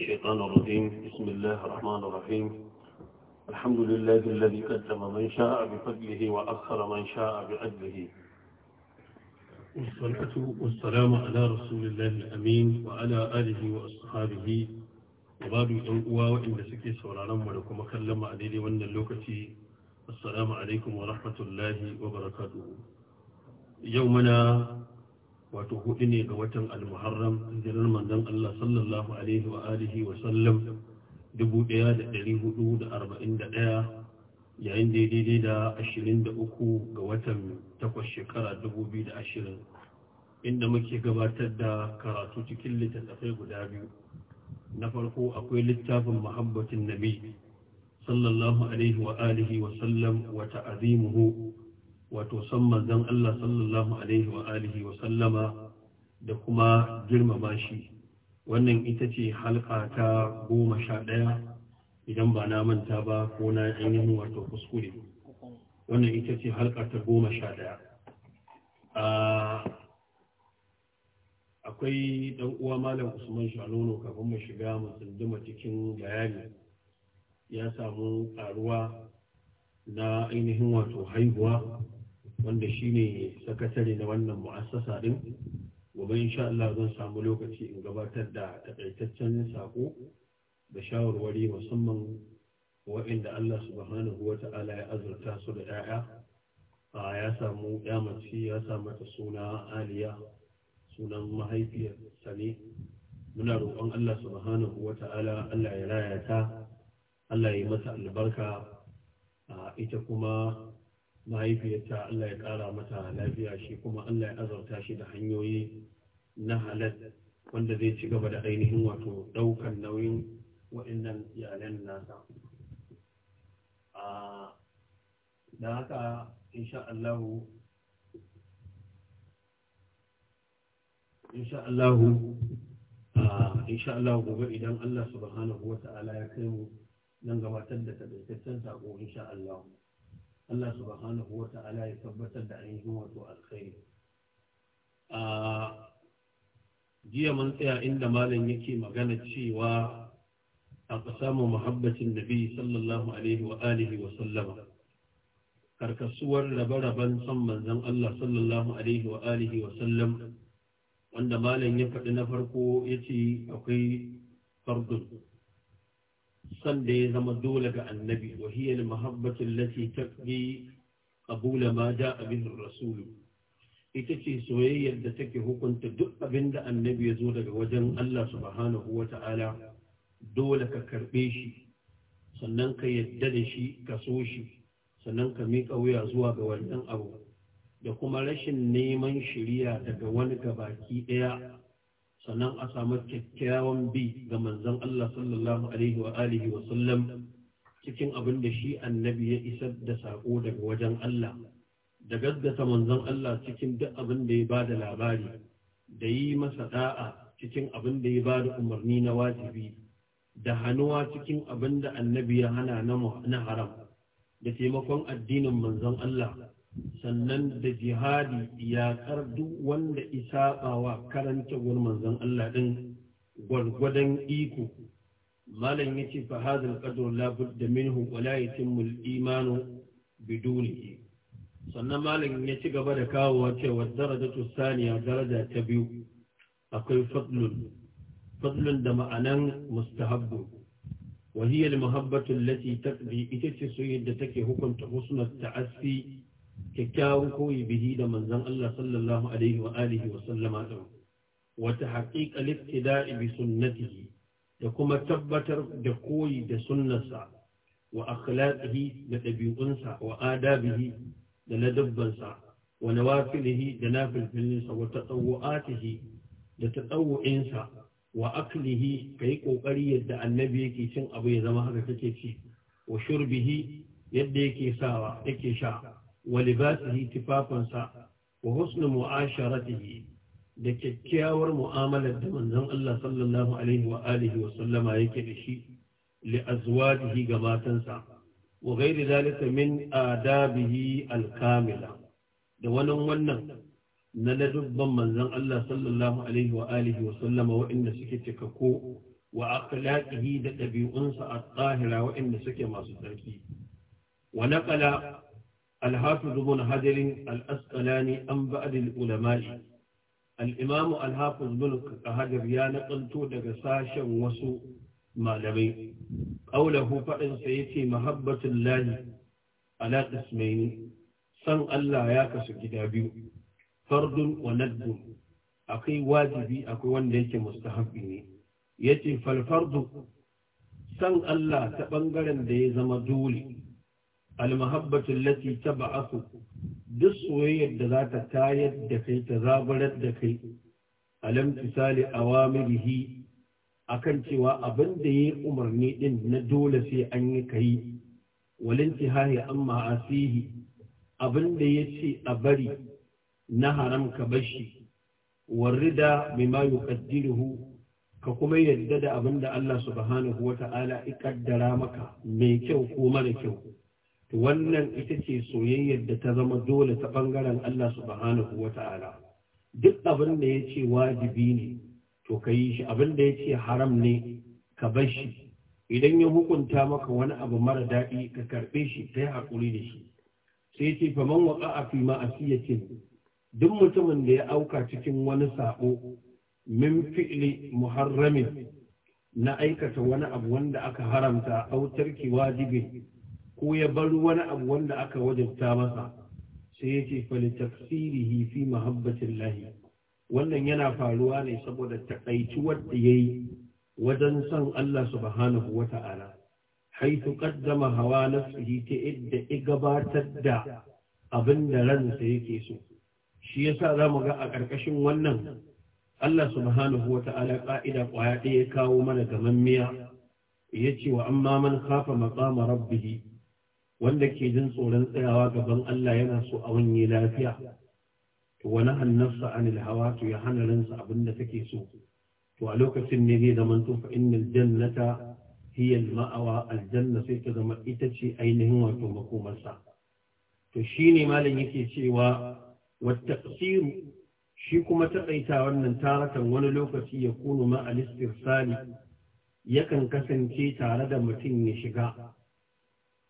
الشيطان الرجيم بسم الله الرحمن الرحيم الحمد لله الذي قدم من شاء بفضله وأخر من شاء بأجله والصلاة والسلام على رسول الله الأمين وعلى آله وأصحابه وبعد الأنقوى وإن سكي سورارم ولكم أكلم عليه وأن اللوكة السلام عليكم ورحمة الله وبركاته يومنا wato hudu ne ga watan al-muharram jirar manzon Allah sallallahu alaihi wa alihi wa sallam 1441 yayin da daidai da 23 ga watan takwas shekara 2020 inda muke gabatar da karatu cikin littattafai guda biyu na farko akwai littafin muhabbatin nabi sallallahu alaihi wa alihi wa sallam wato san manzon Allah sallallahu alaihi wa alihi wa sallama da kuma girmama shi wannan ita ce halka ta goma sha ɗaya idan ba na manta ba ko na ainihin wato kuskure wannan ita ce halka ta goma sha ɗaya akwai ɗan uwa malam usman shanono kafin mu shiga mu tsindima cikin bayani ya samu ƙaruwa na ainihin wato haihuwa wanda shine sakatare na wannan mu'assasa ɗin gobe insha Allah zan samu lokaci in gabatar da takaitaccen sako da shawarwari musamman waɗanda Allah subhanahu wa ta'ala ya azurta su da ‘ya'ya a ya samu mace ya samu ta suna aliya sunan mahaifiyar ne muna roƙon Allah subhanahu wa ta'ala Allah ya raya ta Allah ya mata albarka ita kuma Mahaifiyata Allah ya ƙara mata lafiya shi kuma Allah ya azauta shi da hanyoyi na halal wanda zai ci gaba da ainihin wato ɗaukan nauyin waɗannan iyalan nasa a da haka insha Allah insha insha gobe idan Allah subhanahu wa ta'ala ya kai mu zan gabatar da taɗaitaccen sako insha Allah Allah subhanahu wa ta'ala ya tabbatar da an ainihin wato alkhairi a jiya mun tsaya inda malam yake magana cewa a samu muhabbatin nabi sallallahu alaihi wa alihi wa sallama karkasuwar rabe-raben son manzon Allah sallallahu alaihi wa alihi wa sallam wanda malam ya faɗi na farko ya ce akwai fardun Sanda ya zama dole ga annabi wa hiya al-mahabbatu allati taqdi qabula ma ja'a bihi ar-rasul ita ce soyayyar da take hukunta duk abin da annabi ya zo daga wajen Allah subhanahu wa ta'ala dole ka karbe shi sannan ka yadda da shi ka so shi sannan ka miƙa wuya zuwa ga wannan abu da kuma rashin neman shiriya daga wani gabaki ɗaya sannan a samar kyakkyawan bi ga manzon Allah sallallahu alaihi wa alihi wa sallam cikin abin da shi annabi ya isar da sako daga wajen Allah da gaggata manzon Allah cikin duk abin da ya ba da labari da yi masa da'a cikin abin da ya ba da umarni na wajibi da hannuwa cikin abin da annabi ya hana na haram da taimakon addinin manzon Allah sannan da jihadi yaƙar duk wanda isaɓawa karanta wani manzon Allah ɗin gwargwadon iko malam ya ce fahadar ƙadar labud da minhu wala ya imanu biduni sannan malam ya ci gaba da kawowa cewa daraja saniya daraja ta biyu akwai fadlun fadlun da ma'anan mustahabbu وهي المحبة ita ce إتتسوي التي hukunta حكم ta التعسي kyakkyawan koyi bihi da manzon Allah sallallahu alaihi wa alihi wa sallama din wata haqiqa liqtida'i bi sunnatihi da kuma tabbatar da koyi da sunnarsa wa akhlaqihi da dabi'unsa wa adabihi da ladabbansa wa nawafilihi da nafilfilinsa wa tatawu'atihi da tatawu'insa wa aklihi kai kokari yadda annabi yake cin abu ya zama haka kake ci wa shurbihi yadda yake sawa yake sha wa libasihi tufafinsa wa husnu mu'asharatihi da kyakkyawar mu'amalar da manzon Allah sallallahu alaihi wa alihi wa sallama yake da shi li azwajihi ga matansa wa gaida zalika min adabihi alkamila da wannan wannan na ladubban manzon Allah sallallahu alaihi wa alihi wa sallama waɗanda suke da ɗabi'unsa a tsahira waɗanda suke masu tsarki wa naƙala. الحافظ بن حجر الأسقلاني عن بعض العلماء الإمام الحافظ بن حجر يا نقلت دقساشا وسوء malamai ƙaulahu faɗinsa ya ce mahabbatun lahi ala ƙasmaini san Allah ya kasu gida biyu fardun wa nadbun akwai wajibi akwai wanda yake mustahabbi ne ya ce falfardu san Allah ta ɓangaren da ya zama dole almahabbatu allati tab'athu duk soyayyar da za ta tayar da kai ta zabarar da kai alam tisali awamirihi akan cewa abin da yayi umarni din na dole sai an yi kai walintihahi amma ma'asihi abin da ce a bari na haram ka bashi warida mimma yuqaddiruhu ka kuma yadda da abin da Allah subhanahu wata'ala ya kaddara maka mai kyau ko mara kyau wannan ita ce soyayyar da ta zama dole ta bangaren Allah subhanahu wa ta'ala duk abin da ya ce wajibi ne to ka yi shi abin da ya ce haram ne ka bar shi idan ya hukunta maka wani abu mara daɗi ka karɓe shi ka yi haƙuri da shi sai ce fa man waƙa a fi ma'asiyatin duk mutumin da ya auka cikin wani saɓo min fi'li muharramin na aikata wani abu wanda aka haramta autarki wajibin ko ya bar wani abu wanda aka wajabta masa sai ya ce fali tafsirihi fi mahabbatin lahi wannan yana faruwa ne saboda takaici wanda ya yi wajen son Allah subhanahu wa ta'ala haitu qaddama hawa nafsihi ta idda i gabatar da abin da ransa yake so shi yasa za mu ga a ƙarƙashin wannan Allah subhanahu wa ta'ala ƙa'ida ƙwaya ɗaya kawo mana gamammiya ya ce wa amma man kafa maƙama rabbihi wanda ke jin tsoron tsayawa gaban Allah yana so a wanye lafiya to wani annafsa anil hawa to ya hana ransa abin da take so to a lokacin ne zai zama to fa innal jannata hiya al ma'awa al janna sai ta zama ita ce ainihin wato makomarsa to shine malam yake cewa wa taqsir shi kuma taƙaita wannan taratan wani lokaci ya kunu ma al istirsali yakan kasance tare da mutum ya shiga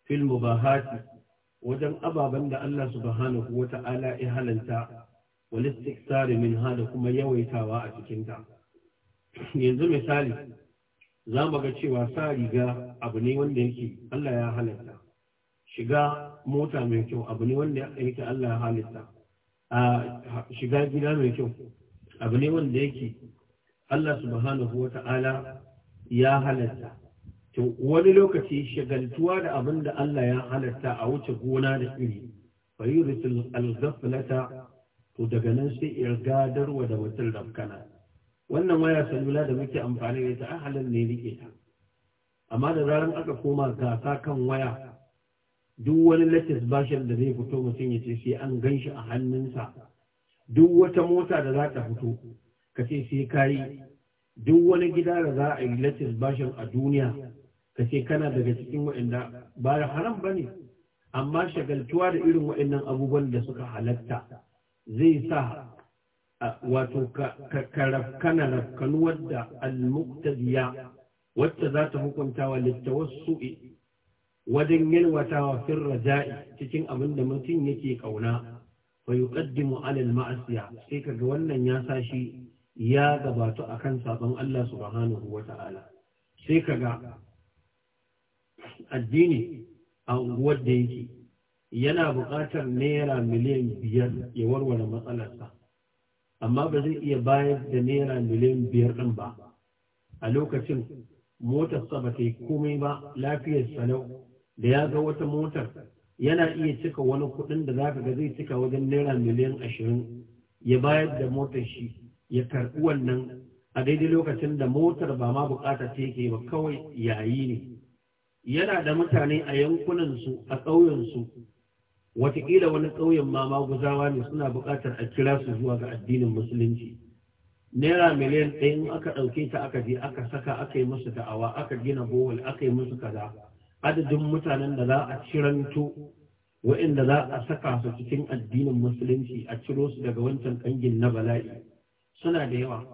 fil mubahati wajen ababen da Allah subhanahu wa ta'ala ya halanta wal istiksari min hada kuma yawaitawa a cikin ta yanzu misali za mu ga cewa sa riga abu ne wanda yake Allah ya halanta shiga mota mai kyau abu ne wanda yake Allah ya halanta a shiga gida mai kyau abu ne wanda yake Allah subhanahu wa ta'ala ya halanta. to wani lokaci shagaltuwa da abin da Allah ya halatta a wuce gona da iri fayyurisul alghaflata to daga nan sai irgadarwa da mutum rafkana wannan waya salula da muke amfani da ita a ne rike ta amma da zaran aka koma gasa kan waya duk wani latest bashin da zai fito mutum ya ce sai an gan shi a hannunsa duk wata mota da za ta fito ka ce sai kayi duk wani gida da za a yi latest bashin a duniya kace kana daga cikin waɗanda ba haram ne. amma shagaltuwa da irin waɗannan abubuwan da suka halatta zai sa wato kana rafkanuwar da almuktadiya wacce za ta hukunta wa littawassu'i wajen yalwatawa fir raja'i cikin abin da mutum yake kauna fa yuqaddimu ala al-ma'asiya sai kaga wannan ya sashi ya gabatu akan sabon Allah subhanahu ta'ala. sai kaga addini a unguwar da yake yana buƙatar naira miliyan biyar ya warware matsalarsa amma ba zai iya bayar da naira miliyan biyar ɗin ba a lokacin motarsa ba ta yi komai ba lafiyar salau da ya ga wata motar yana iya cika wani kuɗin da zaka ga zai cika wajen naira miliyan ashirin ya bayar da motar shi ya karɓi wannan a daidai lokacin da motar ba ma buƙatar ta yake ba kawai yayi ne yana da mutane a yankunansu a ƙauyensu watakila wani ƙauyen ma guzawa ne suna buƙatar a kira su zuwa ga addinin musulunci naira miliyan ɗaya in aka ɗauke ta aka je aka saka aka yi musu da'awa aka gina bowl aka yi musu kaza adadin mutanen da za a ciranto wa'inda za a saka su cikin addinin musulunci a ciro su daga wancan ƙangin na bala'i suna da yawa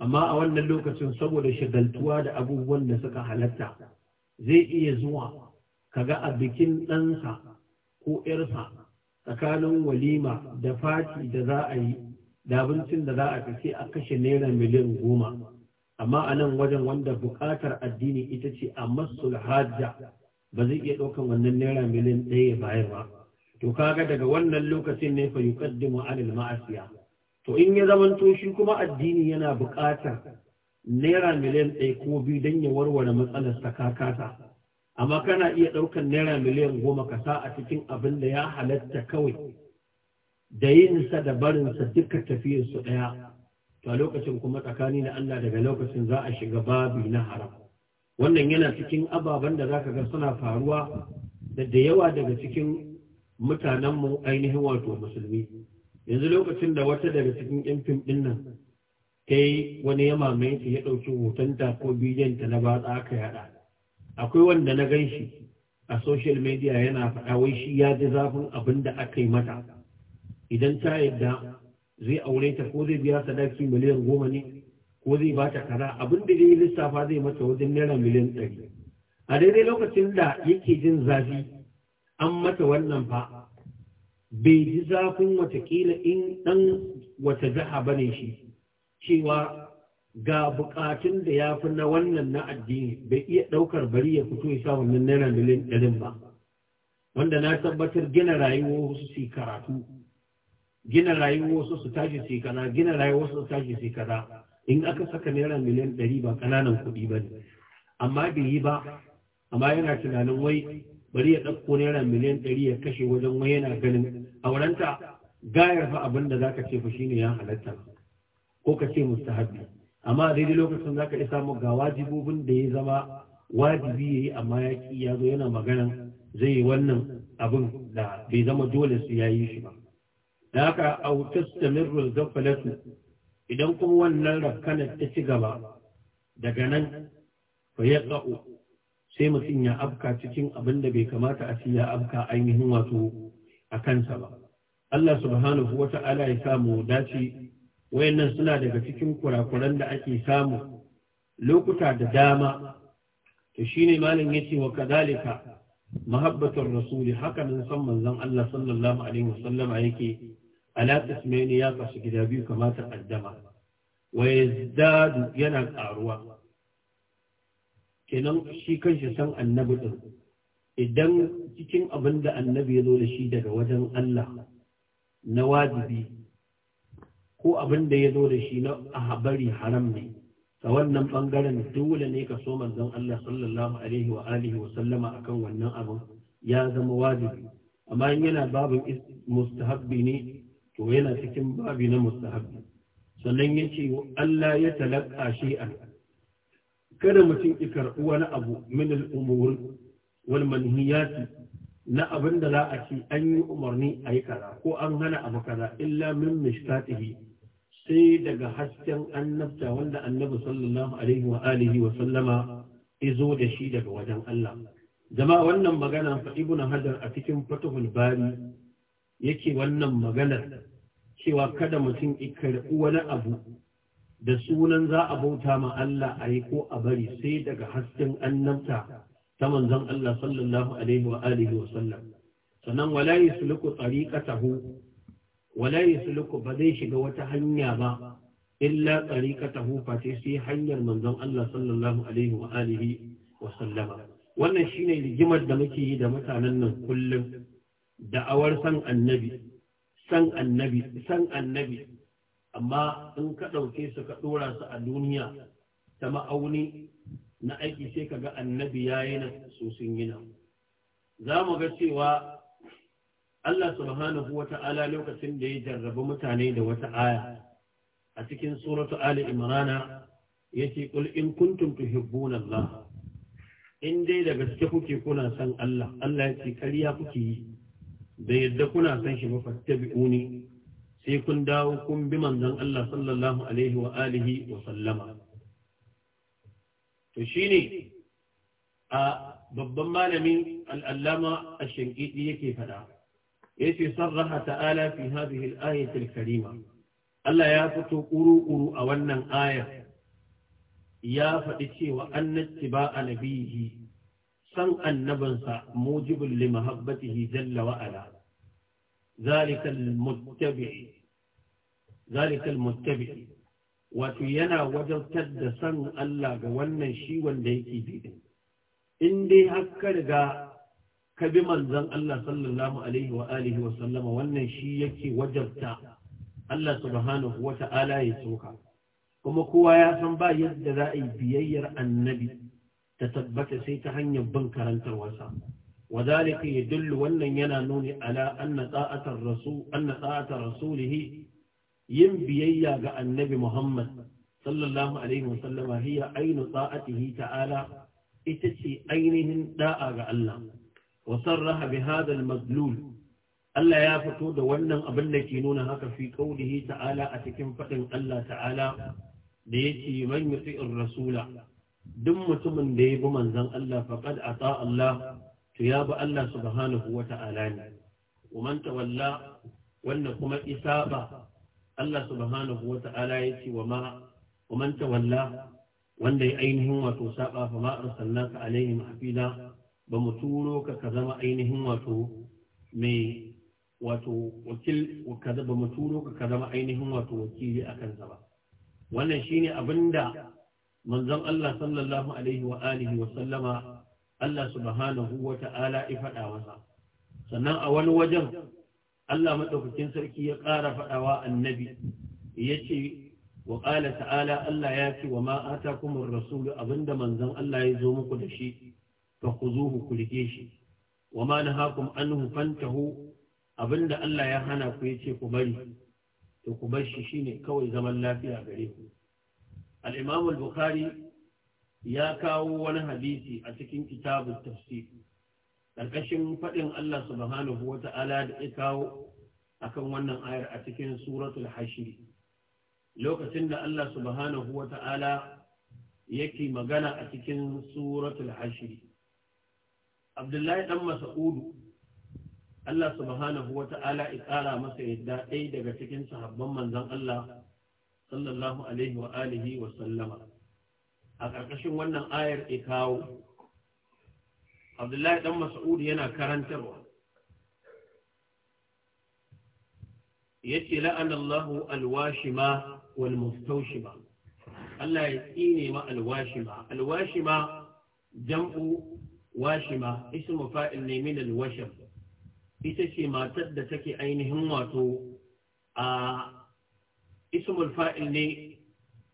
amma a wannan lokacin saboda shagaltuwa da abubuwan da suka halatta zai iya zuwa kaga a bikin ɗansa ko ‘yarsa tsakanin walima da fati da za a yi da abincin da za a kashe a kashe naira miliyan goma amma a nan wajen wanda buƙatar addini ita ce a masul hajja ba zai iya ɗaukan wannan naira miliyan ɗaya bayar ba to kaga daga wannan lokacin ne fa yuqaddimu alal ma'asiya to in ya zamanto shi kuma addini yana buƙatar naira miliyan ɗaya ko biyu don ya warware matsalar sakakata amma kana iya ɗaukar naira miliyan goma ka sa a cikin abin da ya halatta kawai da yinsa da barinsa duka tafiyarsu ɗaya to a lokacin kuma tsakani da Allah daga lokacin za a shiga babi na haram wannan yana cikin ababen da za ka ga suna faruwa da da yawa daga cikin mutanenmu ainihin wato musulmi yanzu lokacin da wata daga cikin yan fim ɗin nan ta yi wani ya mamaye ta ya ɗauki hoton hotonta ko bidiyonta na batsa aka yaɗa. akwai wanda na gan shi a social media yana faɗa wai shi ya ji zafin abin da aka yi mata idan ta yadda zai aure ta ko zai biya sadaki miliyan goma ne ko zai ba ta kara abin da zai lissafa zai mata wajen naira miliyan ɗari a daidai lokacin da yake jin zafi an mata wannan fa bai ji zafin watakila in ɗan wata jiha bane shi cewa ga bukatun da ya fi na wannan na addini bai iya ɗaukar bari ya fito ya sa wannan naira miliyan ɗarin ba wanda na tabbatar gina rayuwar wasu su karatu gina rayuwar wasu su tashi su kaza gina rayuwar wasu su tashi su kaza in aka saka naira miliyan ɗari ba ƙananan kuɗi ba ne amma bai yi ba amma yana tunanin wai bari ya ɗauko naira miliyan ɗari ya kashe wajen wai yana ganin aurenta gayar fa abin da za ka ce fa shine ya halatta ko ka ce mustahabi amma daidai lokacin za ka iya ga wajibobin da ya zama wajibi ya yi amma ya ki ya zo yana maganan zai yi wannan abin da bai zama dole su ya yi shi ba da haka au mirror zafalatu idan kuma wannan rakkanar ta ci gaba daga nan fa ya sai mutum ya afka cikin abin da bai kamata a ci ya afka ainihin wato a kansa ba Allah subhanahu wa ta'ala ya samu dace wayannan suna daga cikin kurakuran da ake samu lokuta da dama to shine malam yace wa kadalika mahabbatar rasuli haka nan san manzon Allah sallallahu alaihi wasallam yake ala tasmini ya kasu gida biyu kamata kaddama wa yazdadu yana karuwa kenan shi kanshi san annabi din idan cikin abin da annabi ya zo da shi daga wajen Allah na wajibi ko abin da ya zo da shi na habari haram ne ta wannan bangaren dole ne ka so manzon Allah sallallahu alaihi wa alihi wa sallama akan wannan abin ya zama wajibi amma in yana babin mustahabbi ne to yana cikin babi na mustahabbi sannan ya ce Allah ya talaka shi'an kada mutum ya karɓi wani abu min al'umur wal manhiyati na abin da za a ci an yi umarni a yi kaza ko an hana abu kaza illa min mishkatihi sai daga hasken annabta wanda annabi sallallahu alaihi wa alihi wa sallama izo da shi daga wajen Allah jama'a wannan magana fa ibn hajar a cikin fatuhul bari yake wannan maganar cewa kada mutum ikar wani abu da sunan za a bauta ma Allah a yi ko a bari sai daga hasken annabta ta manzon Allah sallallahu alaihi wa alihi wa sallam sannan wala yusluku tariqatahu wala yasluku ba zai shiga wata hanya ba illa tariqatahu fa sai hanyar manzon Allah sallallahu alaihi wa alihi wa sallama wannan shine rigimar da muke yi da mutanen nan kullum da'awar san annabi san annabi san annabi amma in ka ɗauke su ka ɗora su a duniya ta ma'auni na aiki sai ka ga annabi ya yi na so sun yi na za mu ga cewa Allah subhanahu wata'ala lokacin da ya jarrabi mutane da wata aya a cikin suratu Ali Imran yace qul in kuntum tuhibbuna Allah in dai da gaske kuke kuna san Allah Allah ce kariya kuke yi da yadda kuna san shi ba sai kun dawo kun bi manzon Allah sallallahu alaihi wa alihi wa sallama to shine a babban malami al'allama a shinkiti yake fada yace sarraha ta'ala fi hadhihi al-ayati al-karima Allah ya fito kuru-kuru a wannan aya ya faɗi cewa annattiba'a nabihi san annabinsa mujibul li mahabbatihi jalla wa ala zalika al-muttabi zalika al-muttabi wato yana wajabtar da san Allah ga wannan shi wanda yake bi in dai har ka riga ka bi manzon Allah sallallahu alaihi wa alihi wa sallama wannan shi yake wajabta Allah subhanahu wa ta'ala ya soka kuma kowa ya san ba yadda za a yi biyayyar annabi ta tabbata sai ta hanyar bin wasa. wa zalika yadullu wannan yana nuni ala anna ta'atar rasul anna ta'atar rasulihi yin biyayya ga annabi Muhammad sallallahu alaihi wa sallama hiya ainu ta'atihi ta'ala ita ce ainihin da'a ga Allah Wasan sarraha Hadal hadha Allah ya fito da wannan abin da ke nuna haka fi qaulihi ta'ala a cikin fadin Allah ta'ala da yake man yuti'ir rasula duk mutumin da ya bi manzon Allah faqad ata Allah to ya bi Allah subhanahu wa ta'ala ne wa man tawalla wannan kuma isaba Allah subhanahu wa ta'ala yake wa ma wa wanda ya ainihin wato saɓa fa ma arsalnaka alaihim ba mu turo ka ka zama ainihin wato mai wato wakil ba mu turo ka ka zama ainihin wato wakili a kansa ba wannan shine abinda manzon Allah sallallahu alaihi wa alihi wa sallama Allah subhanahu wa ta'ala ya faɗa masa sannan a wani wajen Allah madaukakin sarki ya ƙara faɗawa annabi yace wa qala ta'ala Allah ya ce wa ma atakumur rasulu abinda manzon Allah ya zo muku da shi ku فخذوه كلكيشي وما نهاكم عنه فانتهوا abinda Allah ya hana ku yace ku bari to ku bar shi shine kawai zaman lafiya gare ku al-Imam bukhari ya kawo wani hadisi a cikin kitabun tafsir karkashin faɗin Allah subhanahu wata'ala da ya kawo akan wannan ayar a cikin suratul hashiri lokacin da Allah subhanahu wata'ala yake magana a cikin suratul hashiri abdullahi dan mas'udu Allah subhanahu wata'ala ya ƙara masa yadda ɗaya daga cikin sahabban manzon Allah sallallahu alaihi wa alihi wa sallama a ƙarƙashin wannan ayar ya kawo abdullahi dan mas'ud yana karantarwa yace la'anallahu alwashima wal mustawshima Allah ya tsine ma alwashima alwashima jam'u washima ismu fa'il ne min al-washam ita ce matar da take ainihin wato a ismul fa'il ne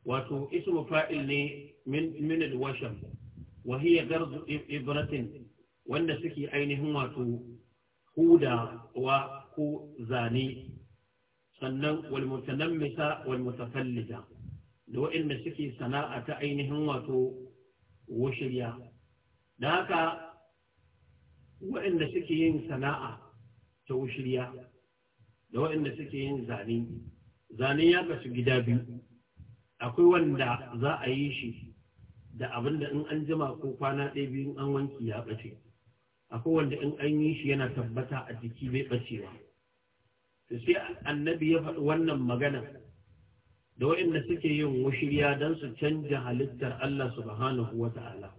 wato ismu fa'il ne min al-washam wa hiya garzu ibratin wanda suke ainihin wato huda wa ko zane sannan wal walmutanammisa walmutafallija da waɗanda suke sana'a ta ainihin wato washirya da haka waɗanda suke yin sana'a ta wushiriya da waɗanda suke yin zane zane ya kasu gida biyu akwai wanda za a yi shi da abin da in an jima ko kwana ɗaya biyu an wanki ya ɓace akwai wanda in an yi shi yana tabbata a jiki bai ɓacewa to sai annabi ya faɗi wannan magana da waɗanda suke yin wushiriya don su canja halittar Allah subhanahu wa ta'ala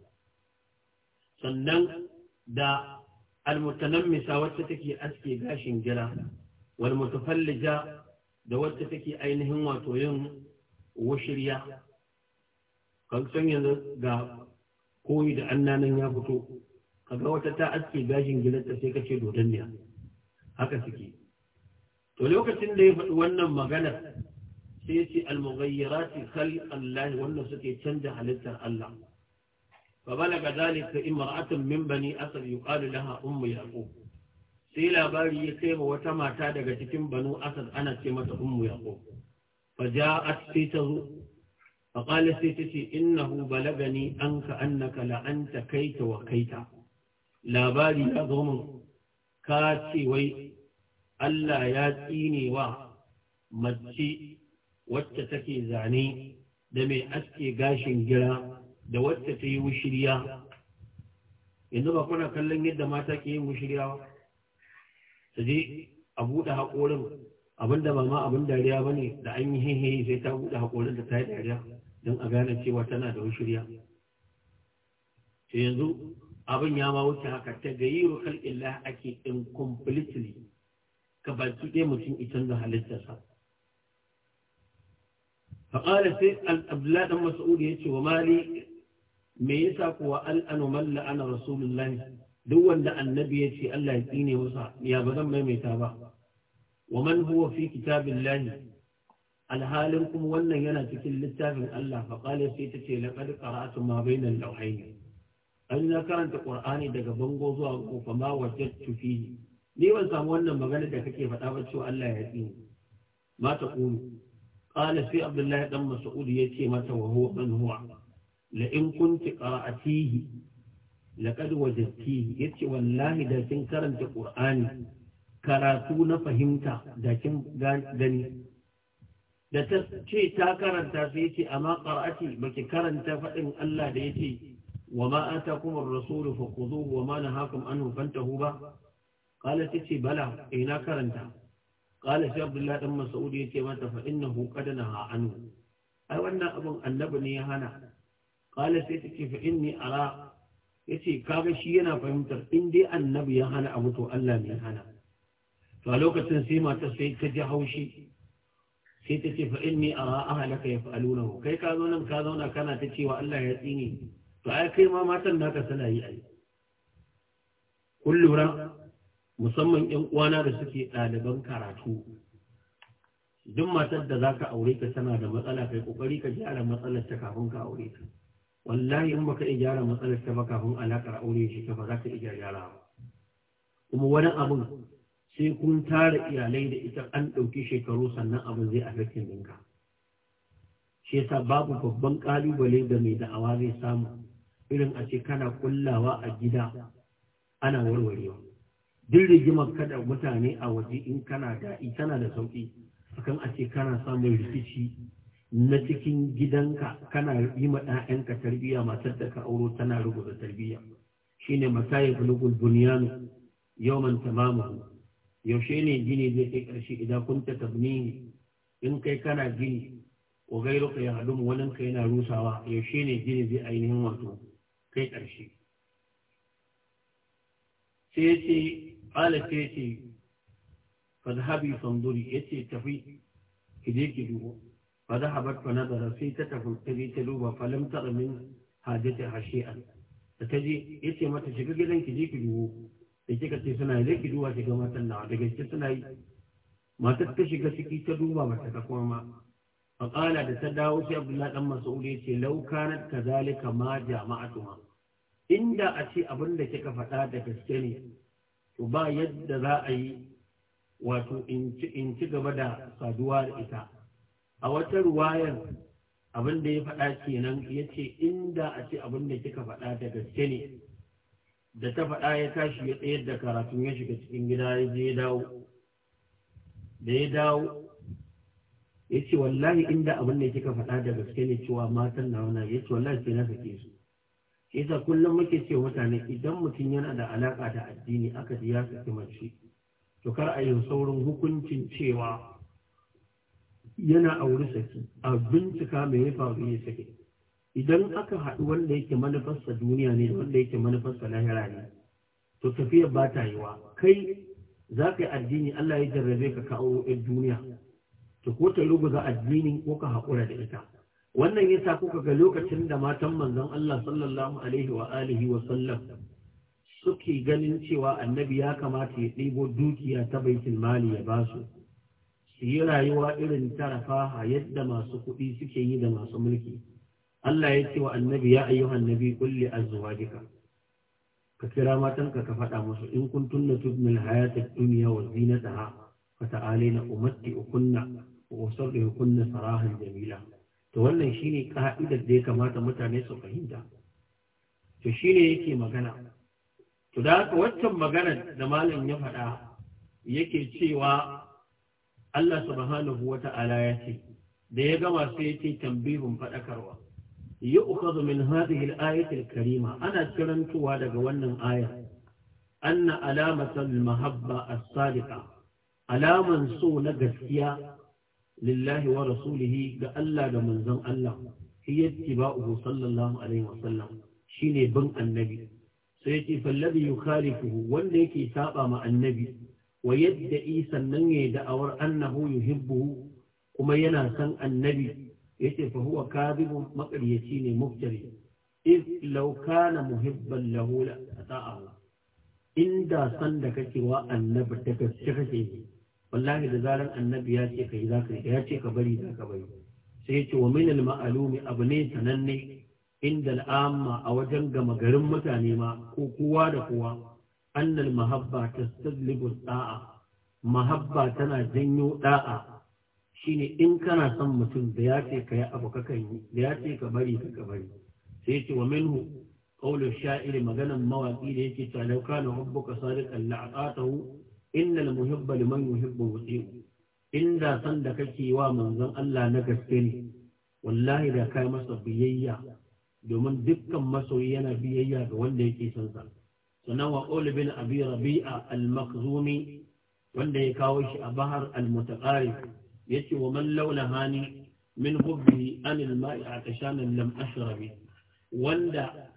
sannan da almutanammisa wacce take aske gashin gira wal mutafallija da wacce take ainihin wato yin washirya kan san yanzu ga koyi da annanan ya fito kaga wata ta aske gashin gidanta sai kace dodanniya haka suke to lokacin da ya faɗi wannan magana sai ya ce al-mughayyirat khalqan wannan suke canja halittar Allah فبلغ ذلك امرأة من بني أسد يقال لها أم يعقوب sai labari ya kai wa wata mata daga cikin banu asad ana ce mata ummu yaqub fa ja'at sai ta zo fa qala sai ta ce innahu balagani anka annaka la anta kaita wa kaita labari ya zo mun ka ce wai Allah ya tsine wa mace wacce take zane da mai aske gashin gira da wacce ta yi wushiriya yanzu ba kuna kallon yadda mata ke yin wushiriya ba su je a buɗe haƙorin abinda ba ma abin dariya ba ne da an yi hehe sai ta buɗe haƙorin da ta yi dariya don a gane cewa tana da wushiriya yanzu abin ya ma wuce haka ta gayiru khalqillah ake in completely ka su ɗaya mutum ita da halittarsa فقال سيد عبد الله بن ya ce wa mali me yasa kuwa al'anu man la'ana rasulullahi duk wanda annabi ya ce Allah ya tsine masa ya ba zan maimaita ba wa man huwa fi kitabillahi alhalin kuma wannan yana cikin littafin Allah fa qala sai ta ce laqad qara'tu ma bainal lawhayn an na karanta qur'ani daga bango zuwa kofa ma wajadtu fihi ni ban samu wannan magana da kake faɗa ba cewa Allah ya tsine ma ta qulu qala sai abdullahi dan mas'ud yace mata wa huwa man huwa la'in kunti qira'atihi laqad ya ce, wallahi da kin karanta ƙur'ani karatu na fahimta da kin gani da ta ce ta karanta sai yace amma ba baki karanta faɗin Allah da yace wa ma atakum ar fa fakhuduhu wa ma nahakum anhu fantahu ba qalat ce, bala ina eh, karanta qala shi abdullahi dan ya yace mata fa innahu qad naha anhu ai wannan abin annabi ne ya hana qala sai take fa inni ara yace kaga shi yana fahimtar in dai annabi ya hana abu to Allah ne ya hana to a lokacin sai mata sai ta ji haushi sai ta ce fa inni ara ahlaka yaf'alunahu kai ka zo nan ka zauna kana ta cewa Allah ya tsine to ai kai ma matan naka suna yi ai kun lura musamman ƴan uwana da suke ɗaliban karatu duk matar da zaka aure ka tana da matsala kai ƙoƙari ka gyara matsalar ta kafin ka aure ta wallahi in baka iya gyara matsalar ta ba kafin alaƙar aure shi ta ba za ka iya gyara ba kuma wani abun sai kun tara iyalai da ita an ɗauki shekaru sannan abin zai affecting ɗinka shi yasa babu babban ƙalubale da mai da'awa zai samu irin a ce kana kullawa a gida ana warwarewa duk rigimar kada mutane a waje in kana da tana da sauƙi akan a ce kana samun rikici na cikin gidanka kana yi ma ɗayanka tarbiyya matar da ka auro tana rubuta tarbiyya shine masayif lugul bunyan yawman tamamu yaushe ne gini zai kai ƙarshe idan kunta tabnihi in kai kana gini ko gairo ka ya haɗu wani ka yana rusawa yaushe ne gini zai ainihin wato kai ƙarshe sai ya ce ala ya ce fadhabi fanduri ki je ki duba. فذهبت فنظر في تتفل تجي تلوبا فلم تر من حاجتها شيئا تجي يتي ما تشكي جلن كجي كدو يتي كتي سنة يلي كدو واتي كما تنع تجي سنة ما تتكشي كسكي تلوبا ما تتكوما ما فقال تتداو سي عبد الله بن مسعود يتي لو كانت كذلك ما جمعتما inda a ce abin da kika faɗa da gaske ne to ba yadda za a yi wato in ci gaba da saduwa da ita a wata ruwayar abin da ya faɗa kenan ya ce inda a ce abin da kika faɗa da gaske ne da ta faɗa ya tashi ya tsayar da karatun ya shiga cikin gida ya je ya dawo da ya dawo ya ce wallahi inda abin da kika faɗa da gaske ne cewa matan na wani ya ce wallahi sai na sake su yasa kullum muke ce mutane idan mutum yana da alaƙa da addini aka ji ya saki mace to kar a yi saurin hukuncin cewa yana auri saki a bincika mai ya faru ya sake idan aka haɗu wanda yake manufarsa duniya ne wanda yake manufarsa lahira ne to tafiya ba ta yiwa kai za ka yi addini Allah ya jarrabe ka kawo yan duniya to ko ta ruguza addinin ko ka haƙura da ita wannan yasa kuka ga lokacin da matan manzon Allah sallallahu alaihi wa alihi wa sallam suke ganin cewa annabi ya kamata ya ɗebo dukiya ta baitul mali ya basu su yi rayuwa irin tarafa yadda masu kuɗi suke yi da masu mulki Allah ya ce wa annabi ya ayyuhan nabi kulli azwajika ka kira matan ka ka faɗa musu in kun tunna tubnil hayatar duniya wa zinataha fa ta'alina umatti'ukunna wa ukunna sarahan jamila to wannan shine ka'idar da ya kamata mutane su fahimta to shine yake magana to da haka waccan maganar da malam ya faɗa yake cewa Allah subhanahu wa ta'ala ya ce da ya gama sai ya ce tambihun faɗakarwa yi ukazu min hadhihi al karima ana kirantuwa daga wannan aya anna alamatan mahabba as-sadiqa alaman so na gaskiya lillahi wa rasulihi ga Allah da manzon Allah ba ittiba'uhu sallallahu alaihi wa sallam ne bin annabi sai yace fallabi yukhalifuhu wanda yake saba ma annabi wa yadda sannan ya da'awar annahu yuhibbuhu kuma yana san annabi yace fa huwa kadhibun maƙaryaci ne muftari iz law kana muhibban lahu la ata'ahu inda san da kake wa annabi ta gaske kake wallahi da zaran annabi ya ce kai zaka ya ce ka bari zaka bari sai yace wa min al ma'lumi abu ne sananne inda al'amma a wajen gama garin mutane ma ko kowa da kowa annal mahabba tastadlibu da'a mahabba tana janyo da'a shine in kana son mutum da ya ce ka yi abu kakan yi da ya ce ka bari ka bari sai ce wa minhu qawlu sha'iri maganan mawaki da yake ta law kana hubbuka sadiqan la'atahu innal muhibba liman yuhibbu wuti'u inda san da kake wa manzon Allah na gaske ne wallahi da kai masa biyayya domin dukkan masoyi yana biyayya ga wanda yake son sa Sanawa, wa ƙoli bin abi rabi'a al-makhzumi wanda ya kawo shi a bahar al ya ce wa man laula hani min hubbi an al-ma'i atashanan lam ashrabi wanda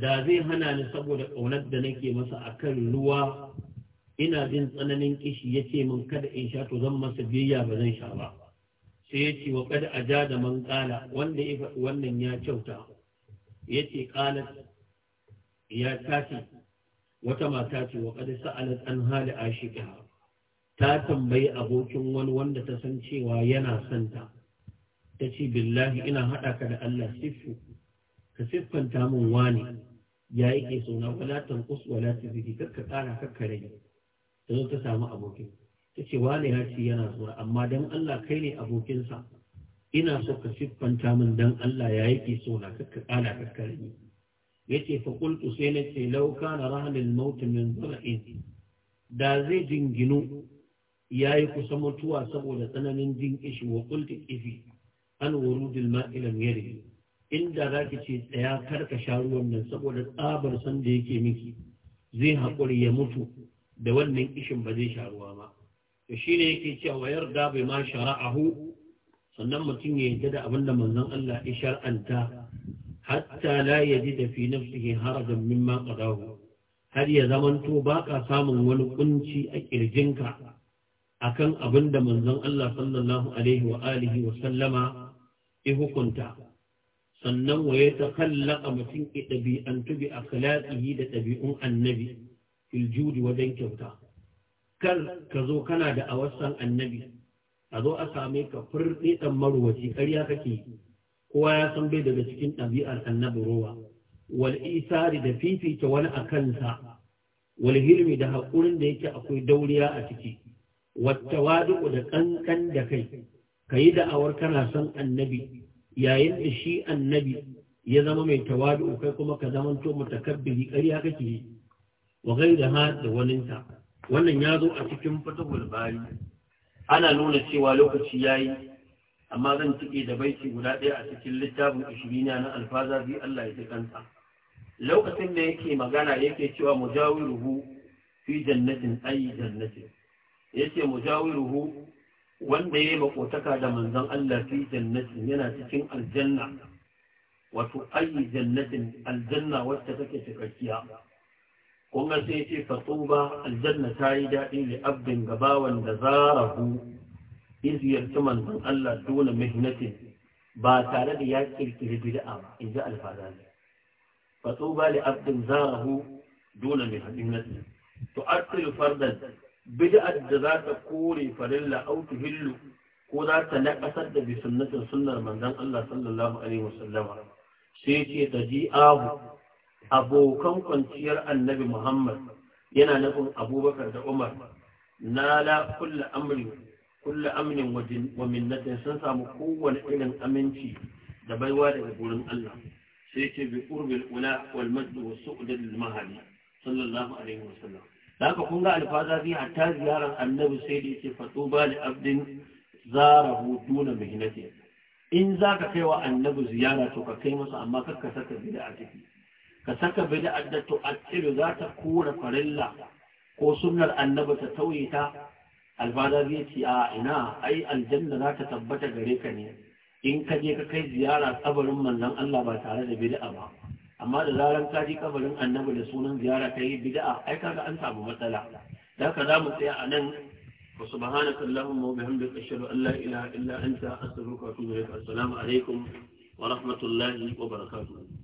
da zai hana ni saboda ƙaunar da nake masa a kan ruwa ina jin tsananin kishi yace min kada in sha to zan masa biyayya ba zan sha ba sai ya ce wa kada a ja da man kala wanda ya faɗi wannan ya kyauta ya ce kala ya tashi wata mata ce wa kada sa'alat an hali ashiqiha ta tambayi abokin wani wanda ta san cewa yana santa ta ce billahi ina haɗa ka da Allah siffu ka siffanta min wani ya yi yake suna wala tanqus wala tazidi ka ƙara kakka rage ta zo ta samu abokin ta ce wani ya ce yana suna amma dan Allah kai ne abokinsa ina so ka siffanta min dan Allah ya yi ke yake suna ka ƙara kakka rage yace fa qultu sai na ce law kana rahlul maut min zar'in da zai jinginu yayi kusa mutuwa saboda tsananin jin kishi wa qultu kifi an wurudil ma'i lam yari inda zaki ce tsaya karka sha ruwan nan saboda tsabar san da yake miki zai haƙuri ya mutu da wannan kishin ba zai sha ruwa ba to shine yake cewa da bai ma shara'ahu sannan mutum ya yarda da abinda da manzon Allah ya shar'anta hatta la yajida fi nafsihi harajan mimma har ya zamanto ba ka samun wani ƙunci a ƙirjin ka? akan abinda da manzon Allah sallallahu i hukunta sannan wa ta takallaka mutum ki ɗabi'antu bi akhlaqihi da ɗabi'un annabi fil wajen kyauta kar ka zo kana da awassan annabi Azo a same ka furɗi ɗan maruwaci ƙarya kake kowa ya san bai daga cikin ɗabi'ar annabi ruwa wal isari da fifita wani a kansa wal hilmi da haƙurin da yake akwai dauriya a ciki wata wadu da ƙanƙan da kai ka yi da'awar kana son annabi yayin da shi annabi ya zama mai tawadu kai kuma ka zama to mutakabbiri ƙarya kake yi wa da ha da waninta wannan ya zo a cikin fatahul bari ana nuna cewa lokaci yayi amma zan cike da baiti guda ɗaya a cikin littafin ishirina na alfaza bi Allah ya ji kanta. lokacin da yake magana yake cewa mujawiruhu fi jannatin ayi jannatin yace mujawiruhu wanda yayi makotaka da manzon Allah fi jannatin yana cikin aljanna wato ayi jannatin aljanna wacce take cikakkiya kun ga sai yace fatuba aljanna ta yi daɗi li abdin gabawan da zarahu iz ziyarci manzon Allah dole mihnatin ba tare da ya kirkiri bid'a ba in ji alfazani fa tuba li abdin zarahu dole mihnatin to artil fardan bid'ar da za ta kore farilla au tuhillu ko za ta naƙasar da bi sunnatin sunnar manzon Allah sallallahu alaihi wasallama sai ce da ji'ahu abokan kwanciyar annabi Muhammad yana nufin abubakar da Umar na la amri kulla amnin wa minnatin sun samu kowane irin aminci da baiwa daga gurin Allah sai ce bi qurbil ula wal majd wa su'd al mahali sallallahu alaihi wasallam haka kun ga alfazazi hatta ziyarar annabi sai da yake fatuba li abdin zarahu duna mihnati in zaka kai wa annabi ziyara to ka kai masa amma kakka saka bid'a ciki ka saka bid'a da to attibi za ta kura farilla ko sunnar annabi ta tauye ta albana zai ce a ina ai aljanna za ta tabbata gare ka ne in ka je ka kai ziyara kabarin manzon Allah ba tare da bid'a ba amma da zaran ka je kabarin annabi da sunan ziyara ka yi bid'a ai kaga an samu matsala da ka za mu tsaya a nan wa subhanaka allahumma wa bihamdika ashhadu an la ilaha illa anta astaghfiruka wa atubu ilaik assalamu alaikum wa rahmatullahi wa barakatuh